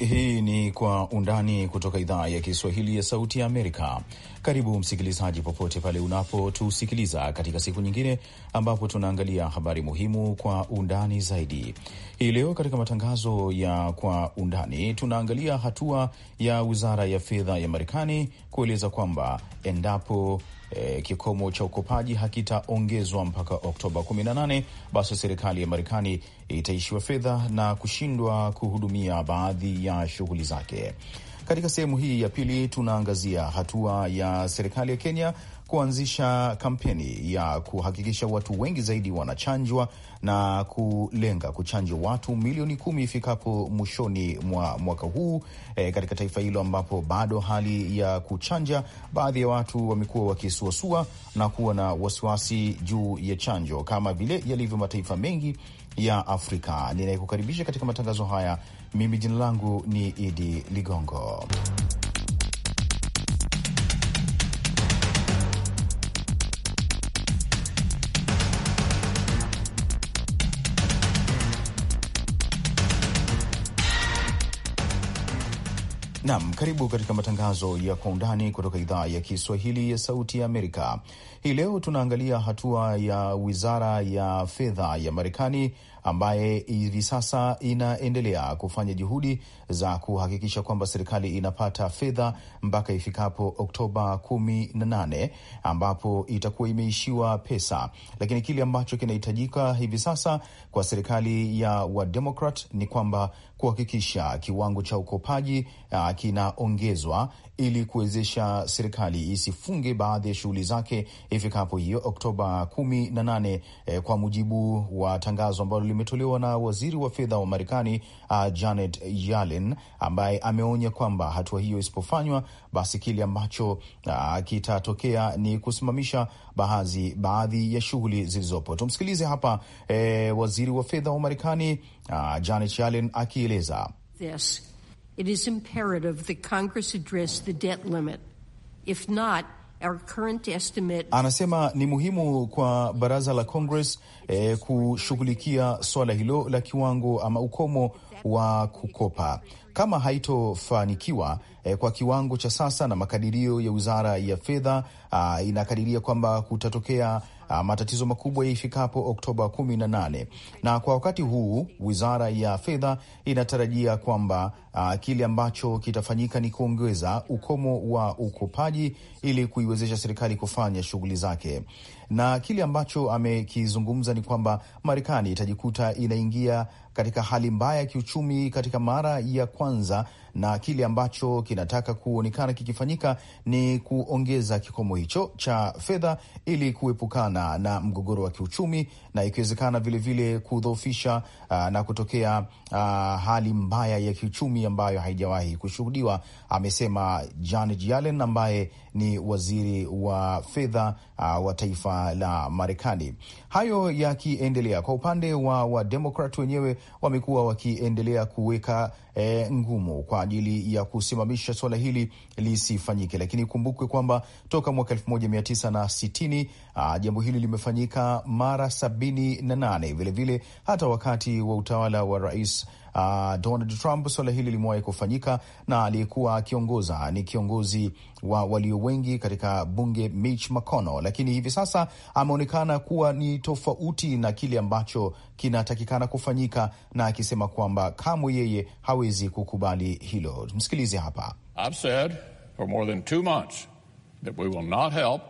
Hii ni Kwa Undani kutoka idhaa ya Kiswahili ya Sauti ya Amerika. Karibu msikilizaji, popote pale unapotusikiliza katika siku nyingine ambapo tunaangalia habari muhimu kwa undani zaidi. Hii leo katika matangazo ya Kwa Undani tunaangalia hatua ya wizara ya fedha ya Marekani kueleza kwamba endapo e, kikomo cha ukopaji hakitaongezwa mpaka Oktoba 18, basi serikali ya Marekani itaishiwa fedha na kushindwa kuhudumia baadhi ya shughuli zake. Katika sehemu hii ya pili tunaangazia hatua ya serikali ya Kenya kuanzisha kampeni ya kuhakikisha watu wengi zaidi wanachanjwa na kulenga kuchanja watu milioni kumi ifikapo mwishoni mwa mwaka huu e, katika taifa hilo ambapo bado hali ya kuchanja, baadhi ya watu wamekuwa wakisuasua na kuwa na wasiwasi juu ya chanjo kama vile yalivyo mataifa mengi ya Afrika. Ninayekukaribisha katika matangazo haya, mimi jina langu ni Idi Ligongo. Nam, karibu katika matangazo ya kwa undani kutoka idhaa ya Kiswahili ya Sauti ya Amerika. Hii leo tunaangalia hatua ya wizara ya fedha ya Marekani ambaye hivi sasa inaendelea kufanya juhudi za kuhakikisha kwamba serikali inapata fedha mpaka ifikapo Oktoba 18 ambapo itakuwa imeishiwa pesa, lakini kile ambacho kinahitajika hivi sasa kwa serikali ya Wademokrat ni kwamba kuhakikisha kiwango cha ukopaji uh, kinaongezwa ili kuwezesha serikali isifunge baadhi ya shughuli zake ifikapo hiyo Oktoba 18 eh, kwa mujibu wa tangazo ambalo limetolewa na waziri wa fedha wa Marekani uh, Janet Yellen ambaye ameonya kwamba hatua hiyo isipofanywa, basi kile ambacho uh, kitatokea ni kusimamisha baadhi baadhi ya shughuli zilizopo. Tumsikilize hapa eh, waziri wa fedha wa Marekani uh, Janet Yellen akieleza yes. It is imperative that Congress address the debt limit. If not, Our current estimate... Anasema ni muhimu kwa baraza la Congress eh, kushughulikia swala hilo la kiwango ama ukomo wa kukopa kama haitofanikiwa eh, kwa kiwango cha sasa, na makadirio ya wizara ya fedha ah, inakadiria kwamba kutatokea ah, matatizo makubwa ifikapo Oktoba kumi na nane, na kwa wakati huu wizara ya fedha inatarajia kwamba Uh, kile ambacho kitafanyika ni kuongeza ukomo wa ukopaji ili kuiwezesha serikali kufanya shughuli zake, na kile ambacho amekizungumza ni kwamba Marekani itajikuta inaingia katika hali mbaya ya kiuchumi katika mara ya kwanza, na kile ambacho kinataka kuonekana kikifanyika ni kuongeza kikomo hicho cha fedha ili kuepukana na mgogoro wa kiuchumi na ikiwezekana vilevile kudhoofisha ah, na kutokea ah, hali mbaya ya kiuchumi ambayo haijawahi kushuhudiwa, amesema Janet Yellen ambaye ni waziri wa fedha uh, wa taifa la Marekani. Hayo yakiendelea, kwa upande wa Wademokrat wenyewe wamekuwa wakiendelea kuweka e, ngumu kwa ajili ya kusimamisha suala hili lisifanyike, lakini ikumbukwe kwamba toka mwaka 1960 uh, jambo hili limefanyika mara 78 vilevile, hata wakati wa utawala wa rais uh, Donald Trump, suala hili limewahi kufanyika, na aliyekuwa akiongoza ni kiongozi wa walio wengi katika bunge Mitch McConnell, lakini hivi sasa ameonekana kuwa ni tofauti na kile ambacho kinatakikana kufanyika, na akisema kwamba kamwe yeye hawezi kukubali hilo. Msikilize hapa. I've said for more than two months that we will not help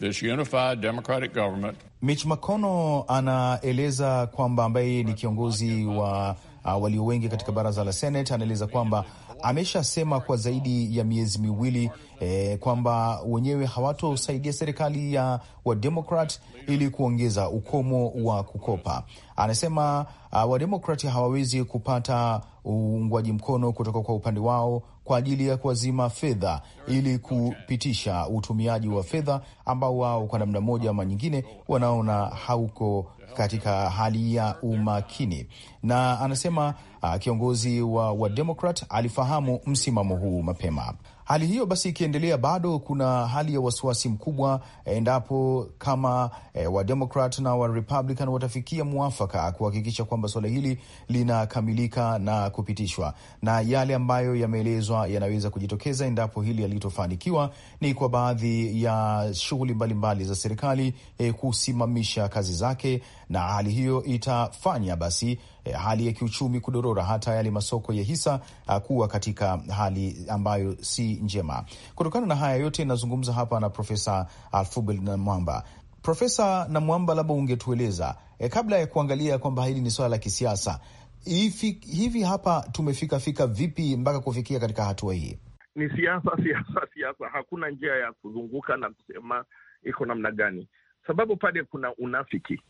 this unified democratic government. Mitch McConnell anaeleza kwamba ambaye ni kiongozi wa uh, walio wengi katika baraza la Senate, anaeleza kwamba ameshasema kwa zaidi ya miezi miwili eh, kwamba wenyewe hawatosaidia serikali ya Wademokrat ili kuongeza ukomo wa kukopa. Anasema uh, wademokrat hawawezi kupata uungwaji mkono kutoka kwa upande wao kwa ajili ya kuwazima fedha ili kupitisha utumiaji wa fedha ambao wao kwa namna moja ama nyingine wanaona hauko katika hali ya umakini, na anasema uh, kiongozi wa Wademokrat alifahamu msimamo huu mapema. Hali hiyo basi ikiendelea, bado kuna hali ya wasiwasi mkubwa eh, endapo kama e, eh, Wademokrat na Warepublican watafikia mwafaka kuhakikisha kwamba suala hili linakamilika na kupitishwa, na yale ambayo yameelezwa yanaweza kujitokeza endapo hili halitofanikiwa ni kwa baadhi ya shughuli mbalimbali za serikali e, kusimamisha kazi zake, na hali hiyo itafanya basi eh, hali ya kiuchumi kudorora, hata yale masoko ya hisa uh, kuwa katika hali ambayo si njema. Kutokana na haya yote, nazungumza hapa na Profesa Alfubel Namwamba. Profesa Namwamba, labda ungetueleza eh, kabla ya kuangalia kwamba hili ni swala la kisiasa Hivi, hivi hapa tumefika fika vipi mpaka kufikia katika hatua hii? Ni siasa, siasa, siasa. Hakuna njia ya kuzunguka na kusema iko namna gani, sababu pale kuna unafiki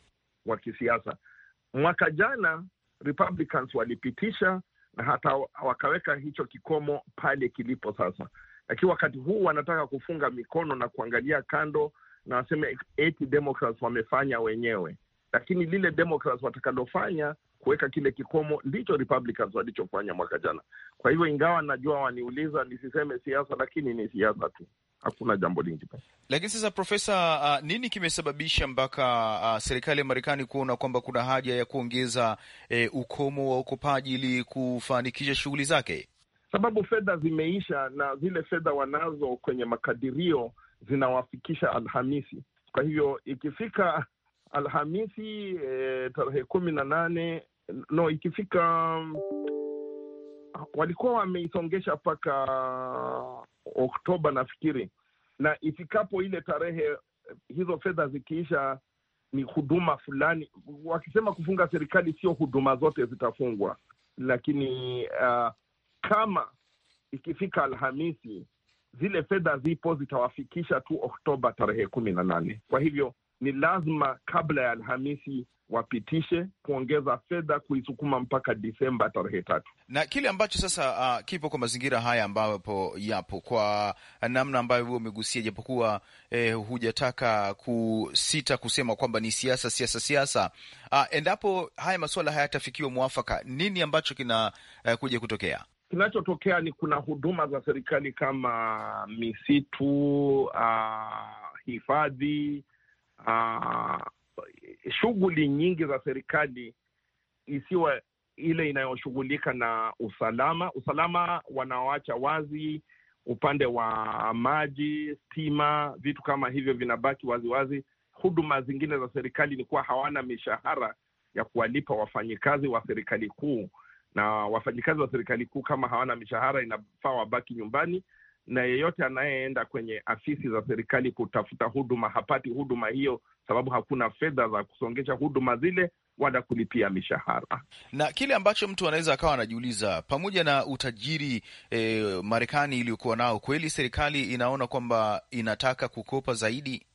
wa kisiasa. Mwaka jana Republicans walipitisha na hata wakaweka hicho kikomo pale kilipo sasa, lakini wakati huu wanataka kufunga mikono na kuangalia kando na waseme eti Democrats wamefanya wenyewe, lakini lile Democrats watakalofanya kuweka kile kikomo ndicho Republicans walichofanya mwaka jana. Kwa hivyo, ingawa najua waniuliza nisiseme siasa, lakini ni siasa tu hakuna jambo lingi Lakini sasa, Profesa, uh, nini kimesababisha mpaka uh, serikali ya Marekani kuona kwamba kuna haja ya kuongeza eh, ukomo wa ukopaji ili kufanikisha shughuli zake? Sababu fedha zimeisha na zile fedha wanazo kwenye makadirio zinawafikisha Alhamisi. Kwa hivyo ikifika Alhamisi eh, tarehe kumi na nane no ikifika walikuwa wameisongesha mpaka Oktoba nafikiri, na ifikapo ile tarehe, hizo fedha zikiisha, ni huduma fulani. Wakisema kufunga serikali, sio huduma zote zitafungwa, lakini uh, kama ikifika Alhamisi zile fedha zipo, zitawafikisha tu Oktoba tarehe kumi na nane. Kwa hivyo ni lazima kabla ya Alhamisi wapitishe kuongeza fedha kuisukuma mpaka Disemba tarehe tatu, na kile ambacho sasa uh, kipo kwa mazingira haya ambapo yapo kwa namna ambayo huo umegusia, japokuwa eh, hujataka kusita kusema kwamba ni siasa siasa siasa. Uh, endapo haya masuala hayatafikiwa mwafaka, nini ambacho kina uh, kuja kutokea? Kinachotokea ni kuna huduma za serikali kama misitu, uh, hifadhi uh, shughuli nyingi za serikali isiwa ile inayoshughulika na usalama. Usalama wanaoacha wazi upande wa maji, stima, vitu kama hivyo vinabaki waziwazi Huduma zingine za serikali ni kuwa hawana mishahara ya kuwalipa wafanyikazi wa serikali kuu, na wafanyikazi wa serikali kuu kama hawana mishahara, inafaa wabaki nyumbani, na yeyote anayeenda kwenye afisi za serikali kutafuta huduma hapati huduma hiyo sababu hakuna fedha za kusongesha huduma zile wala kulipia mishahara. Na kile ambacho mtu anaweza akawa anajiuliza, pamoja na utajiri e, Marekani iliyokuwa nao, kweli serikali inaona kwamba inataka kukopa zaidi?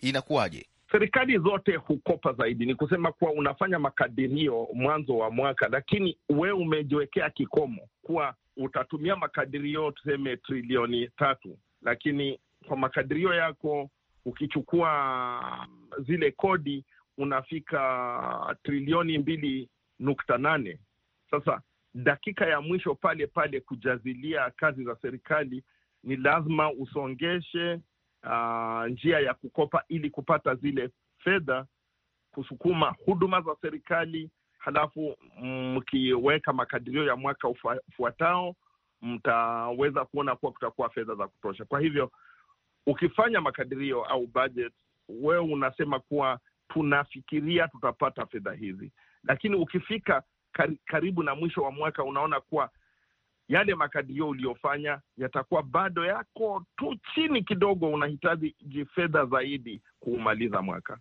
Inakuwaje? Serikali zote hukopa zaidi. Ni kusema kuwa unafanya makadirio mwanzo wa mwaka, lakini wewe umejiwekea kikomo kuwa utatumia makadirio tuseme trilioni tatu, lakini kwa makadirio yako ukichukua mm, zile kodi unafika trilioni mbili nukta nane. Sasa dakika ya mwisho pale pale kujazilia kazi za serikali ni lazima usongeshe uh, njia ya kukopa ili kupata zile fedha kusukuma huduma za serikali. Halafu mm, mkiweka makadirio ya mwaka ufuatao, mtaweza kuona kuwa kutakuwa fedha za kutosha. Kwa hivyo ukifanya makadirio au budget, wewe unasema kuwa tunafikiria tutapata fedha hizi, lakini ukifika karibu na mwisho wa mwaka unaona kuwa yale makadirio uliyofanya yatakuwa bado yako tu chini kidogo, unahitaji fedha zaidi kuumaliza mwaka.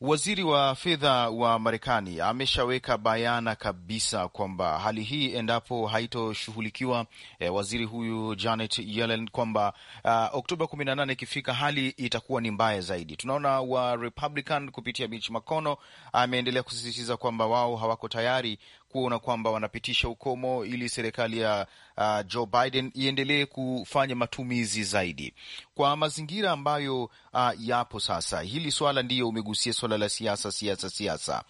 Waziri wa fedha wa Marekani ameshaweka bayana kabisa kwamba hali hii endapo haitoshughulikiwa, e, waziri huyu Janet Yellen kwamba uh, Oktoba 18 ikifika, hali itakuwa ni mbaya zaidi. Tunaona wa Republican kupitia Mitch McConnell ameendelea kusisitiza kwamba wao hawako tayari kuona kwamba wanapitisha ukomo ili serikali ya uh, Joe Biden iendelee kufanya matumizi zaidi kwa mazingira ambayo uh, yapo sasa. Hili swala ndiyo umegusia swala la siasa, siasa, siasa.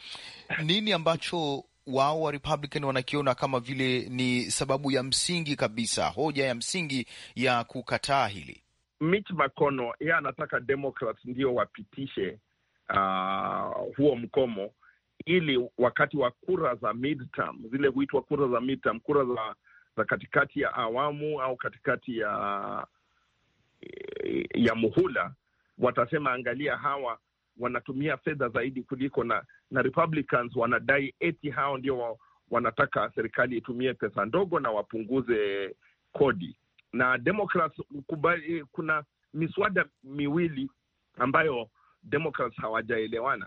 Nini ambacho wao wa Republican wanakiona kama vile ni sababu ya msingi kabisa, hoja ya msingi ya kukataa hili? Mitch McConnell yeye anataka Democrats ndio wapitishe uh, huo mkomo ili wakati wa kura za midterm, zile huitwa kura za midterm, kura za, za katikati ya awamu au katikati ya ya muhula, watasema angalia, hawa wanatumia fedha zaidi kuliko na na Republicans wanadai eti hao ndio wa, wanataka serikali itumie pesa ndogo na wapunguze kodi. Na Democrats kubali, kuna miswada miwili ambayo Democrats hawajaelewana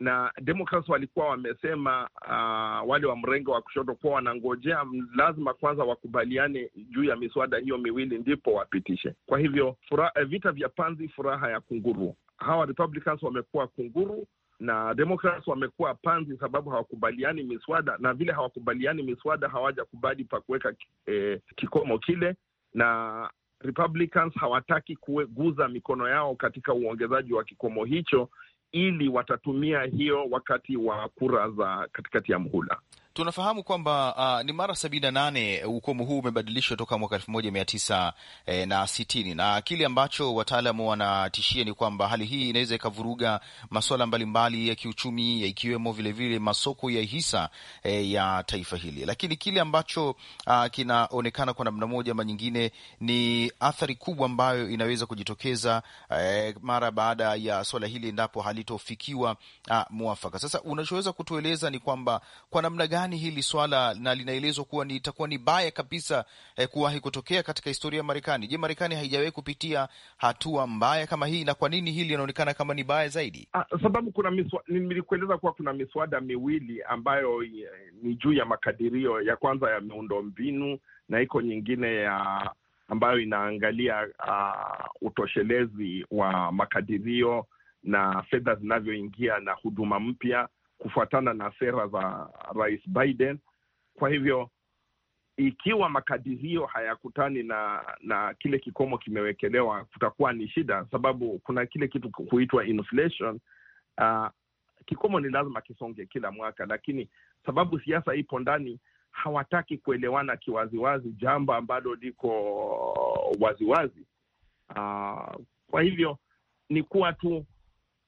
na Democrats walikuwa wamesema uh, wale wa mrengo wa kushoto kuwa wanangojea lazima kwanza wakubaliane juu ya miswada hiyo miwili ndipo wapitishe. Kwa hivyo fura, eh, vita vya panzi, furaha ya kunguru. Hawa Republicans wamekuwa kunguru na Democrats wamekuwa panzi, sababu hawakubaliani miswada, na vile hawakubaliani miswada hawajakubali pa kuweka eh, kikomo kile, na Republicans hawataki kuguza mikono yao katika uongezaji wa kikomo hicho ili watatumia hiyo wakati wa kura za katikati ya mhula tunafahamu kwamba uh, ni mara sabini na nane ukomo huu umebadilishwa toka mwaka elfu moja mia tisa eh, na sitini na kile ambacho wataalamu wanatishia ni kwamba hali hii inaweza ikavuruga masuala mbalimbali ya kiuchumi ikiwemo vilevile masoko ya hisa eh, ya taifa hili, lakini kile ambacho uh, kinaonekana kwa namna moja ama nyingine ni athari kubwa ambayo inaweza kujitokeza eh, mara baada ya swala hili endapo halitofikiwa uh, mwafaka. Sasa unachoweza kutueleza ni kwamba kwa namna gani gani hili swala na linaelezwa kuwa ni itakuwa ni baya kabisa eh, kuwahi kutokea katika historia ya Marekani. Je, Marekani haijawahi kupitia hatua mbaya kama hii, na kwa nini hili linaonekana kama ni baya zaidi? Ah, sababu kuna nilikueleza kuwa kuna miswada miwili ambayo eh, ni juu ya makadirio, ya kwanza ya miundo mbinu na iko nyingine ya ambayo inaangalia uh, utoshelezi wa makadirio na fedha zinavyoingia na huduma mpya kufuatana na sera za Rais Biden. Kwa hivyo ikiwa makadirio hayakutani na na kile kikomo kimewekelewa, kutakuwa ni shida, sababu kuna kile kitu kuitwa inflation. Uh, kikomo ni lazima kisonge kila mwaka, lakini sababu siasa ipo ndani, hawataki kuelewana kiwaziwazi, jambo ambalo liko waziwazi. Uh, kwa hivyo ni kuwa tu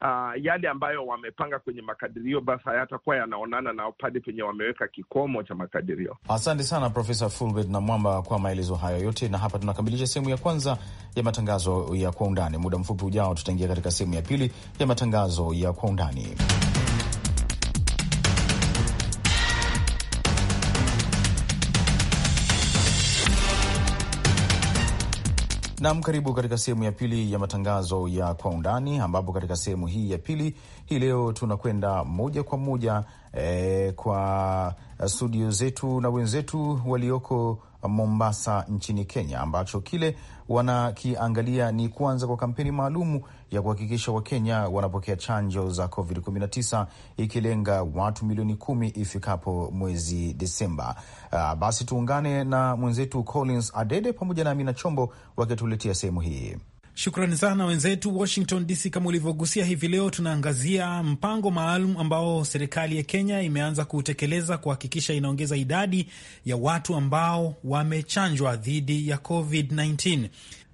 uh, yale ambayo wamepanga kwenye makadirio basi hayatakuwa yanaonana na pale penye wameweka kikomo cha makadirio. Asante sana Profesa Fulbert na Mwamba kwa maelezo hayo yote, na hapa tunakamilisha sehemu ya kwanza ya matangazo ya kwa undani. Muda mfupi ujao, tutaingia katika sehemu ya pili ya matangazo ya kwa undani. Nam, karibu katika sehemu ya pili ya matangazo ya kwa undani, ambapo katika sehemu hii ya pili hii leo tunakwenda moja kwa moja eh, kwa studio zetu na wenzetu walioko Mombasa nchini Kenya, ambacho kile wanakiangalia ni kuanza kwa kampeni maalumu ya kuhakikisha Wakenya wanapokea chanjo za COVID-19 ikilenga watu milioni kumi ifikapo mwezi Desemba. Uh, ah, basi tuungane na mwenzetu Collins Adede pamoja na Amina Chombo wakituletea sehemu hii. Shukrani sana wenzetu Washington DC. Kama ulivyogusia hivi leo, tunaangazia mpango maalum ambao serikali ya Kenya imeanza kuutekeleza kuhakikisha inaongeza idadi ya watu ambao wamechanjwa dhidi ya COVID-19.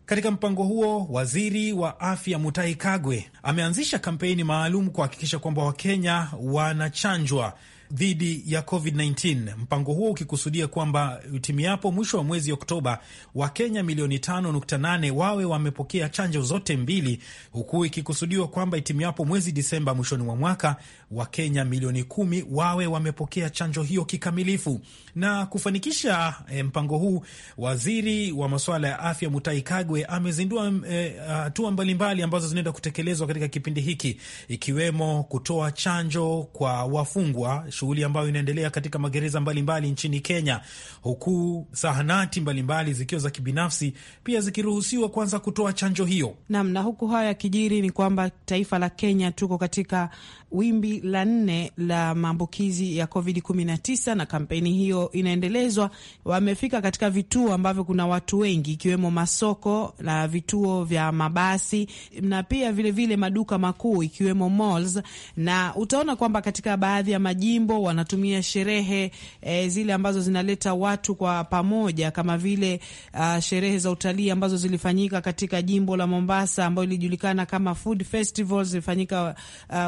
Katika mpango huo, waziri wa afya Mutahi Kagwe ameanzisha kampeni maalum kuhakikisha kwamba Wakenya wanachanjwa dhidi ya COVID-19. Mpango huo ukikusudia kwamba itimiapo mwisho wa mwezi Oktoba, Wakenya milioni 5.8 wawe wamepokea chanjo zote mbili, huku ikikusudiwa kwamba itimiapo mwezi Disemba mwishoni mwa mwaka Wakenya milioni kumi wawe wamepokea chanjo hiyo kikamilifu. Na kufanikisha e, mpango huu, waziri wa masuala ya afya Mutai Kagwe amezindua eh, hatua e, mbalimbali ambazo zinaenda kutekelezwa katika kipindi hiki, ikiwemo kutoa chanjo kwa wafungwa, shughuli ambayo inaendelea katika magereza mbalimbali nchini Kenya, huku zahanati mbalimbali zikiwa za kibinafsi pia zikiruhusiwa kwanza kutoa chanjo hiyo. Naam, na huku haya yakijiri ni kwamba taifa la Kenya tuko katika wimbi la nne la maambukizi ya COVID-19 na kampeni hiyo inaendelezwa, wamefika katika vituo ambavyo kuna watu wengi ikiwemo masoko na vituo vya mabasi na pia vilevile vile maduka makuu ikiwemo malls, na utaona kwamba katika baadhi ya majimbo wanatumia sherehe e, zile ambazo zinaleta watu kwa pamoja kama vile uh, sherehe za utalii ambazo zilifanyika katika jimbo la Mombasa ambayo ilijulikana kama food festivals zilifanyika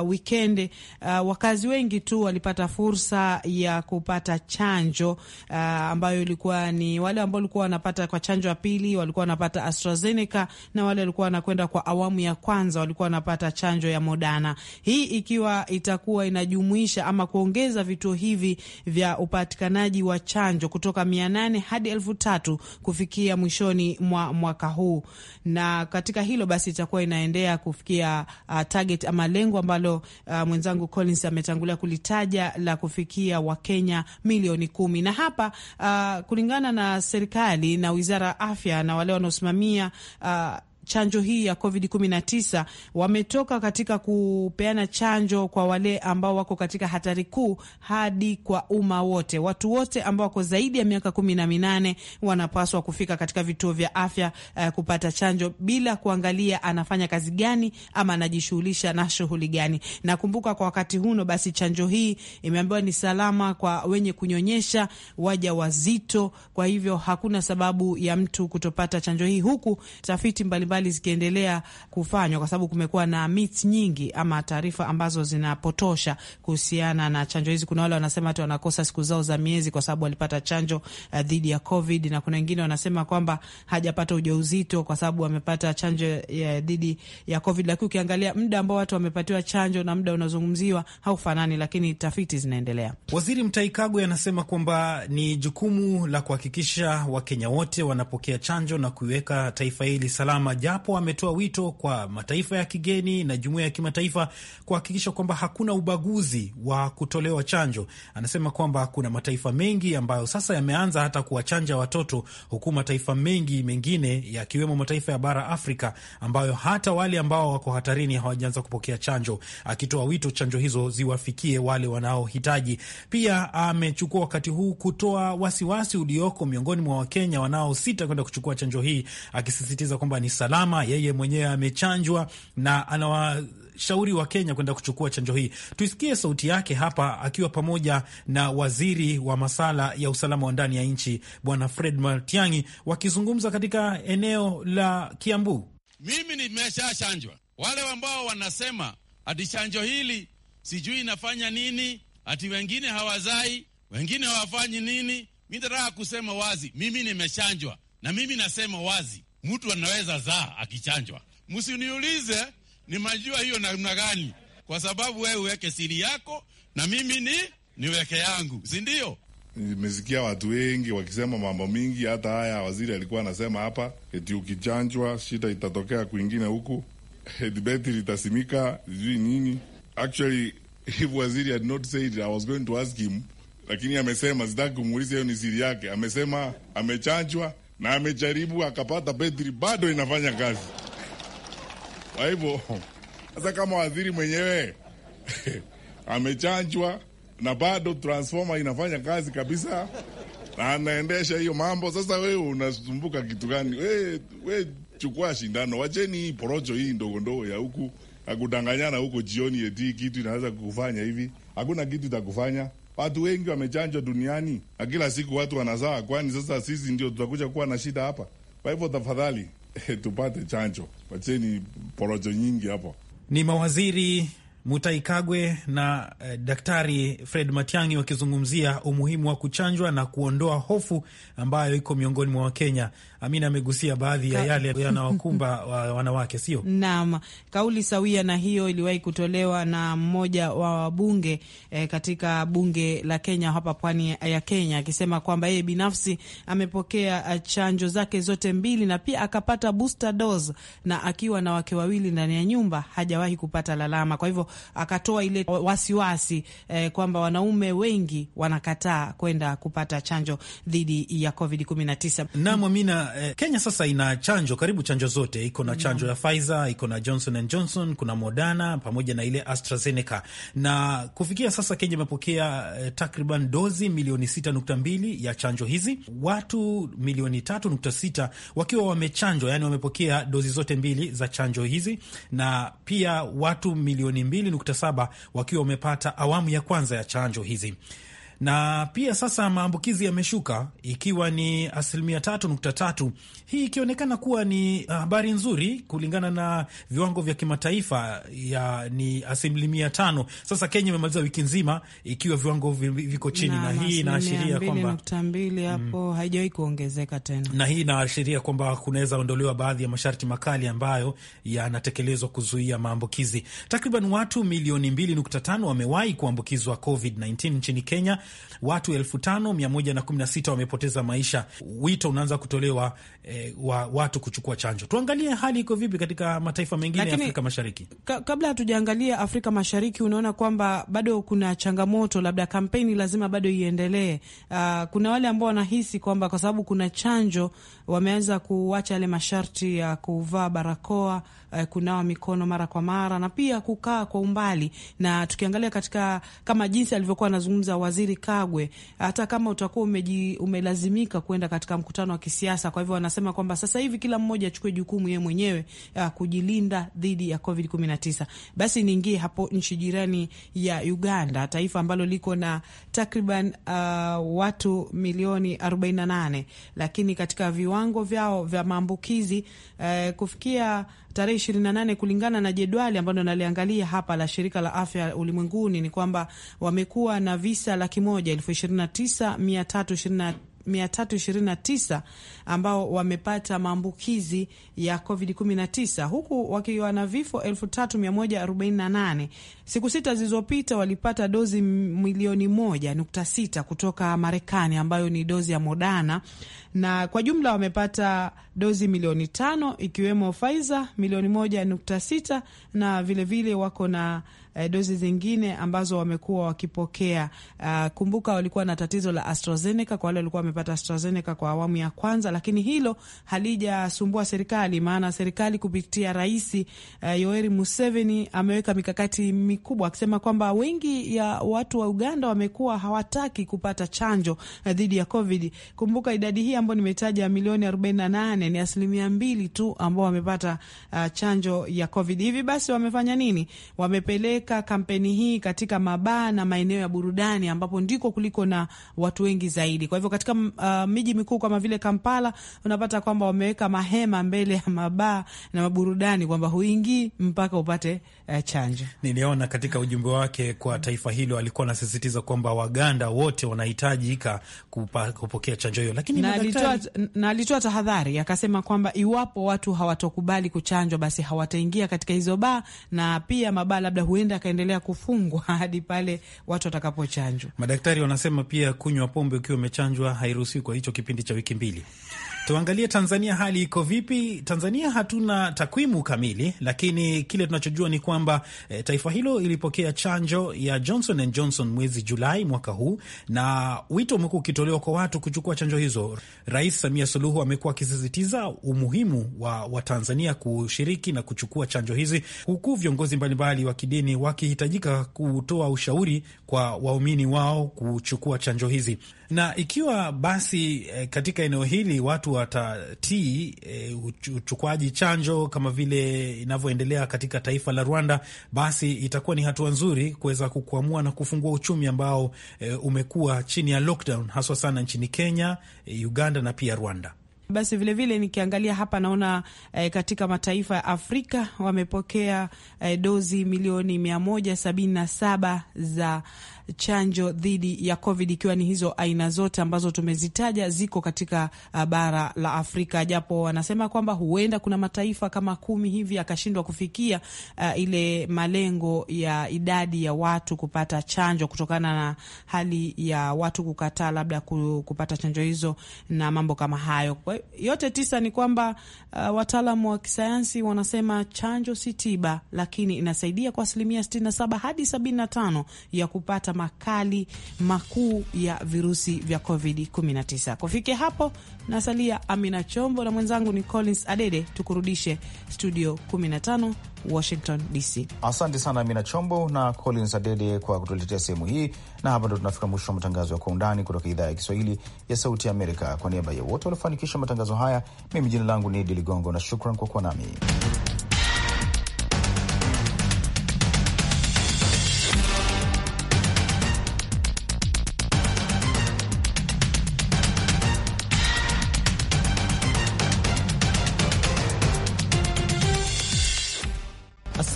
uh, weekend uh, wakazi wengi tu walipata fursa ya kupata chanjo uh, ambayo ilikuwa ni wale ambao walikuwa wanapata kwa chanjo ya pili walikuwa wanapata AstraZeneca na wale walikuwa wanakwenda kwa awamu ya kwanza walikuwa wanapata chanjo ya Moderna. Hii ikiwa itakuwa inajumuisha ama kuongeza vituo hivi vya upatikanaji wa chanjo kutoka mia nane hadi elfu tatu kufikia mwishoni mwa mwaka huu, na katika hilo basi itakuwa inaendea kufikia uh, target ama lengo ambalo uh, mwenzangu Collins ametangulia kulitaja la kufikia Wakenya milioni kumi na hapa uh, kulingana na serikali na wizara ya afya na wale wanaosimamia uh, chanjo hii ya COVID-19 wametoka katika kupeana chanjo kwa wale ambao wako katika hatari kuu hadi kwa umma wote. Watu wote ambao wako zaidi ya miaka kumi na minane wanapaswa kufika katika vituo vya afya uh, kupata chanjo bila kuangalia anafanya kazi gani ama anajishughulisha na shughuli gani. Nakumbuka kwa wakati huno, basi chanjo hii imeambiwa ni salama kwa wenye kunyonyesha, waja wazito, kwa hivyo hakuna sababu ya mtu kutopata chanjo hii, huku tafiti mbalimbali mbalimbali zikiendelea kufanywa, kwa sababu kumekuwa na mit nyingi ama taarifa ambazo zinapotosha kuhusiana na chanjo hizi. Kuna wale wanasema hata wanakosa siku zao za miezi kwa sababu walipata chanjo uh, dhidi ya COVID, na kuna wengine wanasema kwamba hajapata ujauzito kwa sababu amepata chanjo ya dhidi ya COVID. Lakini ukiangalia muda ambao watu wamepatiwa chanjo na muda unazungumziwa haufanani, lakini tafiti zinaendelea. Waziri Mtaikagwe anasema kwamba ni jukumu la kuhakikisha Wakenya wote wanapokea chanjo na kuiweka taifa hili salama japo ametoa wito kwa mataifa ya kigeni na jumuiya ya kimataifa kuhakikisha kwamba hakuna ubaguzi wa kutolewa chanjo. Anasema kwamba kuna mataifa mengi ambayo sasa yameanza hata kuwachanja watoto, huku mataifa mengi mengine yakiwemo mataifa ya bara Afrika ambayo hata wale ambao wako hatarini hawajaanza kupokea chanjo, akitoa wito chanjo hizo ziwafikie wale wanaohitaji. Pia amechukua wakati huu kutoa wasiwasi ulioko miongoni mwa Wakenya wanaosita kwenda kuchukua chanjo hii, akisisitiza kwamba ni salama mama yeye mwenyewe amechanjwa na anawa shauri wa Kenya kwenda kuchukua chanjo hii. Tuisikie sauti yake hapa akiwa pamoja na waziri wa masala ya usalama wa ndani ya nchi Bwana Fred Matiang'i wakizungumza katika eneo la Kiambu. Mimi nimeshachanjwa. Wale ambao wanasema ati chanjo hili sijui inafanya nini, ati wengine hawazai, wengine hawafanyi nini, mi nataka kusema wazi, mimi nimechanjwa na mimi nasema wazi, mtu anaweza zaa akichanjwa. Msiniulize ni majua hiyo namna gani, kwa sababu wewe uweke siri yako na mimi ni niweke yangu, si ndio? Nimesikia watu wengi wakisema mambo mingi, hata haya waziri alikuwa anasema hapa eti ukichanjwa shida itatokea kwingine huku, dibeti litasimika, sijui nini. Actually if waziri had not said I was going to ask him, lakini amesema, sitaki kumuuliza, hiyo ni siri yake. Amesema amechanjwa na amejaribu akapata betri bado inafanya kazi. Kwa hivyo sasa, kama waziri mwenyewe amechanjwa na bado transformer inafanya kazi kabisa na anaendesha hiyo mambo, sasa wewe unasumbuka kitu gani? We, we chukua shindano, wacheni hii porojo hii ndogo ndogo ya huku akudanganyana huko jioni, eti kitu inaweza kufanya hivi. Hakuna kitu itakufanya watu wengi wamechanjwa duniani na kila siku watu wanazaa, kwani sasa sisi ndio tutakuja kuwa na shida hapa? Kwa hivyo tafadhali tupate chanjo, pacheni porojo nyingi hapo. Ni mawaziri mutaikagwe na eh, Daktari Fred Matiang'i wakizungumzia umuhimu wa kuchanjwa na kuondoa hofu ambayo iko miongoni mwa Wakenya. Amina amegusia baadhi ya yale yanawakumba wa wanawake, sio naam. Kauli sawia na hiyo iliwahi kutolewa na mmoja wa wabunge eh, katika bunge la Kenya hapa pwani ya Kenya, akisema kwamba yeye binafsi amepokea eh, chanjo zake zote mbili na pia akapata booster dose, na akiwa na wake wawili ndani ya nyumba hajawahi kupata lalama. Kwa hivyo akatoa ile wasiwasi eh, kwamba wanaume wengi wanakataa kwenda kupata chanjo dhidi ya Covid 19. Naam, Amina, eh, Kenya sasa ina chanjo karibu chanjo zote iko na chanjo ya Pfizer, iko na Johnson and Johnson, kuna Moderna pamoja na ile AstraZeneca na kufikia sasa Kenya imepokea eh, takriban dozi milioni 6.2 ya chanjo hizi, watu milioni 3.6 wakiwa wamechanjwa, yani wamepokea dozi zote mbili za chanjo hizi na pia watu milioni mbili 2.7 wakiwa wamepata awamu ya kwanza ya chanjo hizi na pia sasa maambukizi yameshuka ikiwa ni asilimia tatu nukta tatu, hii ikionekana kuwa ni uh, habari nzuri kulingana na viwango vya kimataifa ya ni asilimia tano. Sasa Kenya imemaliza wiki nzima ikiwa viwango viko chini na, na hii inaashiria kwamba mbili mm. hapo haijawahi kuongezeka tena, na hii inaashiria kwamba kunaweza ondolewa baadhi ya masharti makali ambayo yanatekelezwa kuzuia maambukizi. Takriban watu milioni mbili nukta tano wamewahi kuambukizwa COVID-19 nchini Kenya watu 5116 wamepoteza maisha. Wito unaanza kutolewa eh, wa watu kuchukua chanjo. Tuangalie hali iko vipi katika mataifa mengine ya Afrika Mashariki. Ka, kabla hatujaangalia Afrika Mashariki, unaona kwamba bado kuna changamoto, labda kampeni lazima bado iendelee. Uh, kuna wale ambao wanahisi kwamba kwa sababu kuna chanjo wameanza kuacha yale masharti ya kuvaa barakoa, eh, kunawa mikono mara kwa mara na pia kukaa kwa umbali. Na tukiangalia katika kama jinsi alivyokuwa anazungumza Waziri Kagwe, hata kama utakuwa umeji, umelazimika kwenda katika mkutano wa kisiasa. Kwa hivyo wanasema kwamba sasa hivi kila mmoja achukue jukumu yeye mwenyewe ya eh, kujilinda dhidi ya Covid 19. Basi niingie hapo nchi jirani ya Uganda, taifa ambalo liko na takriban uh, watu milioni 48 lakini katika viwango viwango vyao vya maambukizi eh, kufikia tarehe nane kulingana na jedwali ambalo naliangalia hapa la shirika la afya ulimwenguni ni kwamba wamekuwa na visa laki moja elfu ishirini na tisa mia tatu ishirini na 329 ambao wamepata maambukizi ya COVID-19 huku wakiwa na vifo 3148 Siku sita zilizopita walipata dozi milioni moja nukta sita kutoka Marekani, ambayo ni dozi ya Moderna, na kwa jumla wamepata dozi milioni tano ikiwemo Pfizer milioni moja nukta sita na vilevile vile wako na eh, dozi zingine ambazo wamekuwa wakipokea. Uh, kumbuka walikuwa na tatizo la AstraZeneca kwa wale walikuwa wamepata AstraZeneca kwa awamu ya kwanza, lakini hilo halijasumbua serikali, maana serikali kupitia Rais uh, Yoweri Museveni ameweka mikakati mik kubwa, akisema kwamba wengi ya watu wa Uganda wamekuwa hawataki kupata chanjo eh, dhidi ya COVID. Kumbuka idadi hii ambayo nimetaja milioni 48 ni asilimia mbili tu ambao wamepata uh, chanjo ya COVID. Hivi basi wamefanya nini? Wamepeleka kampeni hii katika mabaa na maeneo ya burudani ambapo ndiko kuliko na watu wengi zaidi. Kwa hivyo katika uh, miji mikuu kama vile Kampala unapata kwamba wameweka mahema mbele ya mabaa na maburudani kwamba huingii mpaka upate uh, chanjo. Niliona katika ujumbe wake kwa taifa hilo alikuwa anasisitiza kwamba Waganda wote wanahitajika kupokea chanjo hiyo, lakini na alitoa tahadhari akasema kwamba iwapo watu hawatokubali kuchanjwa, basi hawataingia katika hizo baa, na pia mabaa labda huenda akaendelea kufungwa hadi pale watu watakapochanjwa. Madaktari wanasema pia kunywa pombe ukiwa umechanjwa hairuhusiwi kwa hicho kipindi cha wiki mbili. Tuangalie Tanzania, hali iko vipi? Tanzania hatuna takwimu kamili, lakini kile tunachojua ni kwamba e, taifa hilo ilipokea chanjo ya Johnson and Johnson mwezi Julai mwaka huu, na wito umekuwa ukitolewa kwa watu kuchukua chanjo hizo. Rais Samia Suluhu amekuwa akisisitiza umuhimu wa Watanzania kushiriki na kuchukua chanjo hizi, huku viongozi mbalimbali wa kidini wakihitajika kutoa ushauri kwa waumini wao kuchukua chanjo hizi. Na ikiwa basi eh, katika eneo hili watu watatii e, uchukuaji chanjo kama vile inavyoendelea katika taifa la Rwanda, basi itakuwa ni hatua nzuri kuweza kukwamua na kufungua uchumi ambao eh, umekuwa chini ya lockdown haswa sana nchini Kenya, eh, Uganda na pia Rwanda. Basi vilevile vile nikiangalia hapa naona eh, katika mataifa ya Afrika wamepokea eh, dozi milioni mia moja sabini na saba za chanjo dhidi ya COVID, ikiwa ni hizo aina zote ambazo tumezitaja ziko katika uh, bara la Afrika, japo wanasema kwamba huenda kuna mataifa kama kumi hivi akashindwa kufikia uh, ile malengo ya idadi ya watu kupata chanjo kutokana na hali ya watu kukataa labda kupata chanjo hizo na mambo kama hayo. Kwa yote tisa ni kwamba uh, wataalamu wa kisayansi wanasema chanjo si tiba, lakini inasaidia kwa asilimia 67 hadi 75 ya kupata makali makuu ya virusi vya COVID-19. Kufikia hapo, nasalia Amina Chombo na mwenzangu ni Collins Adede, tukurudishe studio 15 Washington DC. Asante sana Amina Chombo na Collins Adede kwa kutuletea sehemu hii, na hapa ndo tunafika mwisho wa matangazo ya Kwa Undani kutoka idhaa ya Kiswahili ya Sauti ya Amerika. Kwa niaba ya wote waliofanikisha matangazo haya, mimi jina langu ni Idi Ligongo na shukran kwa kuwa nami.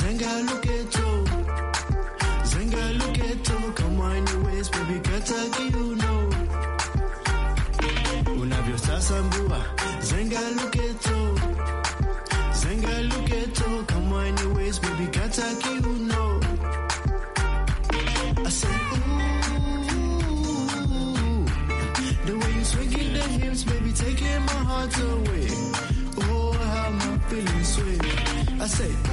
Zenga look at you, Zenga look at you. Come on your ways, baby, Kataki, you know. Unavyosasambua. Zenga look at you, Zenga look at you. Come on your ways, baby, Kataki, you know. I said, ooh. The way you swinging the hips, baby, taking my heart away. Oh, how my feelings sway. I say,